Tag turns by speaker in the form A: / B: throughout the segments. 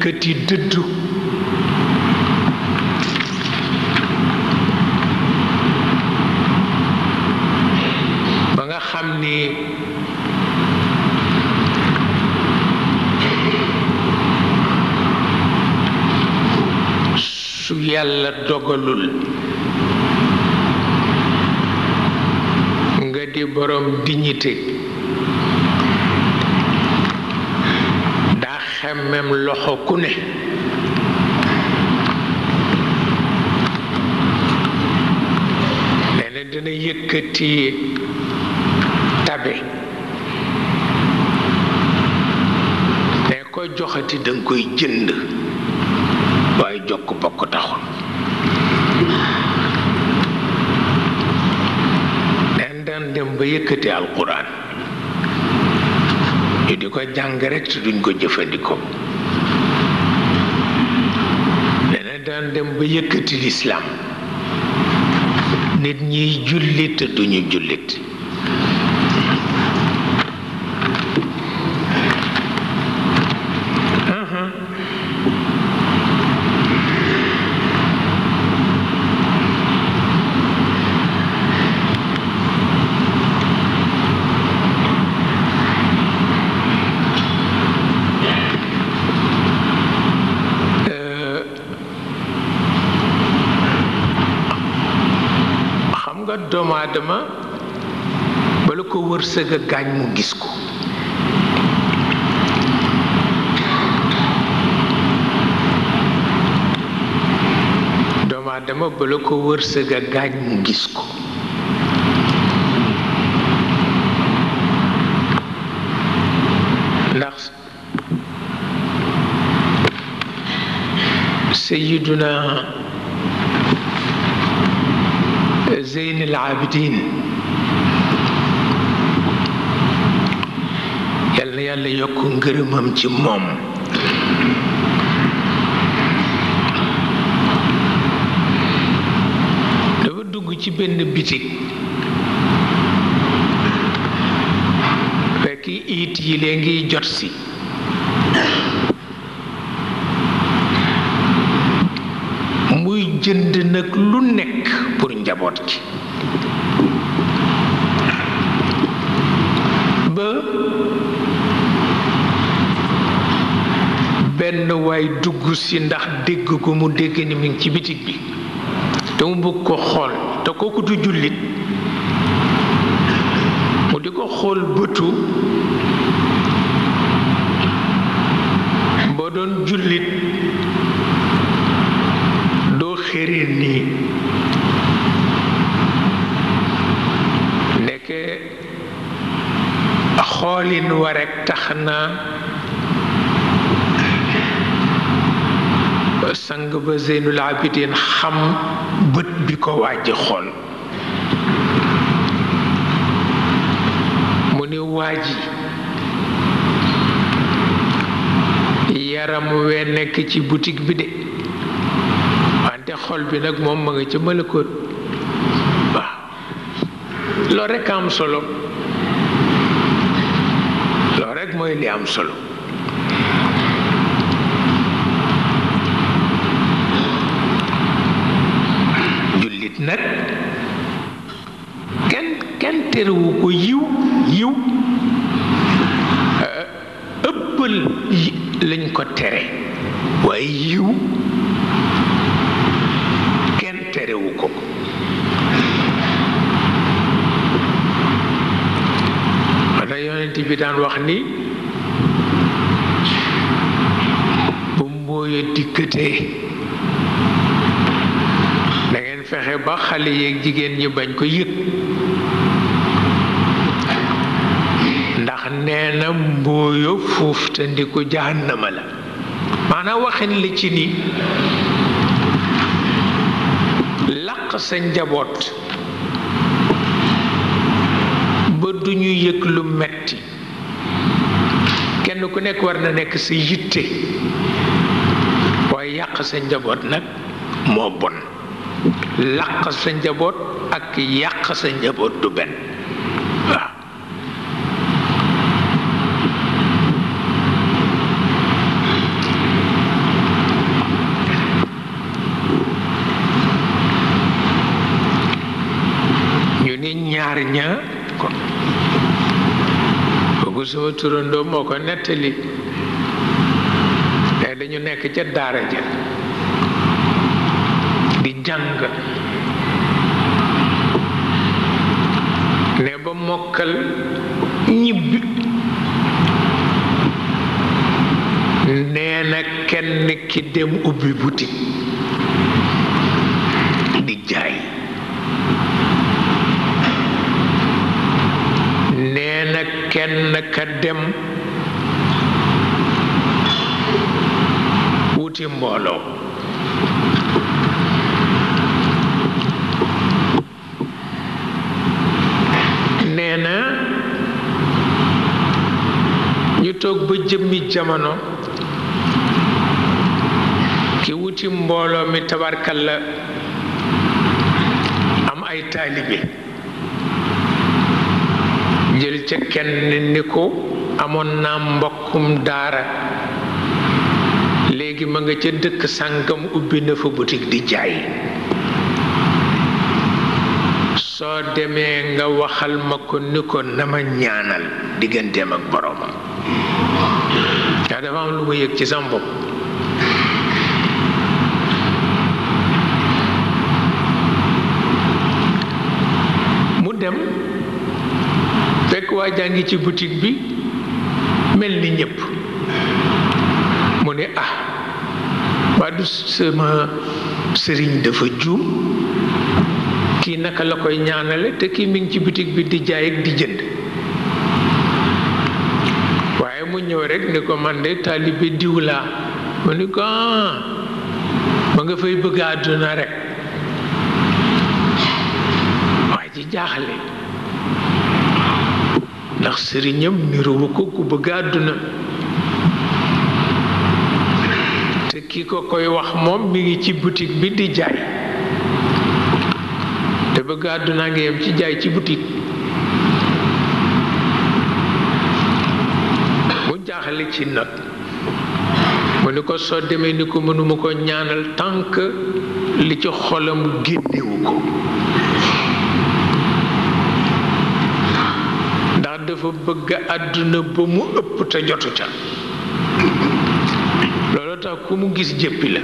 A: yëkkati dëddu ba nga xam ni su yàlla dogalul nga di borom dignité xemmem loxo ku ne nee na dina yëkkati tabe ne koy joxati danga koy jënd waaye jokk bokk taxul neen daan dem ba yëkkati alquran di ko jàng rek te duñ ko jëfandikoo dana daan dem ba yëkkati lislaam nit ñiy jullit te duñu jullit nga bala ko wërsëg a gaañ mu gis ko doomu aadama bala ko wërsëg a gaañ mu gis ko ndax Sayyiduna زين العابدين yal na yàlla yokk ngërëmam ci moom dafa dugg ci benn bitik fekk it yi lee ngiy jot si jënd nag lu nekk pour njaboot gi ba benn waay dugg si ndax dégg ko mu dégg ni mi ci bitig bi te mu bëgg ko xool te kooku du jullit mu di ko xool bëtu boo doon jullit xam naa sang ba Zeynul Abidin xam bët bi ko waaji xool mu ni waaji yaram wee nekk ci boutique bi de wante xol bi nag moom ma nga ca malakoon waaw rekk am solo ظهرات مو اللي امصلو جلت نت كان كان تروكو يو يو ابل لنكو تري ويو daan wax ni bu mbooya dikkatee da fexe ba xale yeeg jigéen ñi bañ ko yëg ndax nee na mbooya fuuf te ndi ko jahannama la maanaam waxin la ci ni làq sa njaboot ba du ñu yëg lu metti kenn ku nekk war na nekk sa yitte waaye yàq sa njaboot nag moo bon làq sa njaboot ak yàq sa njaboot du benn waaw ñu ñaar ña kon bu sama moo ko nettali te dañu nekk ca daara ja di jàng ne ba mokkal ñibbi nee na kenn ki dem ubbi boutique kenn ka dem wuti mbooloo nee na ñu toog ba jëmmi jamono ki wuti mbooloo mi tabarkal la am ay taalibe jël ca kenn ni ko amoon naa mbokkum daara léegi ma nga ca dëkk sàngam ubbi na fa butik di jaay soo demee nga waxal ma ko ni ko na ma ñaanal digganteem ak boroomam daa dafa am lu ma yëg ci sa bopp waajaa ngi ci butik bi mel ni ñépp mu ne ah waa du sama sëriñ dafa juum kii naka la koy ñaanale te kii mi ngi ci butik bi di jaay ak di jënd waaye mu ñëw rek ni ko man de taalibe diw mu ni ko ah, ma nga fay bëgg àdduna rek waa ji jaaxle ndax sëriñam niruwu ko ku bëgg àdduna te ki ko koy wax moom mi ngi ci butik bi di jaay te bëgg àdduna nga yem ci jaay ci butik mu jaaxale ci nag mu ni ko soo demee ni ko mënuma ko ñaanal tànk li ci xolam génnewu ko dafa bëgg àdduna ba mu ëpp te jotu ca loolu tax ku mu gis jëppi la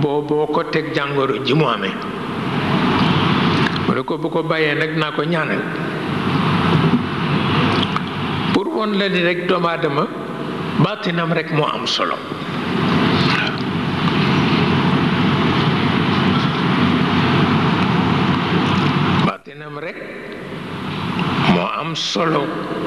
A: boo ko teg jàngoro ji mu amee mu ne ko bu ko bàyyee nag naa ko ñaanal pour woon la ni rek doomu aadama baatinam rek moo am solo solo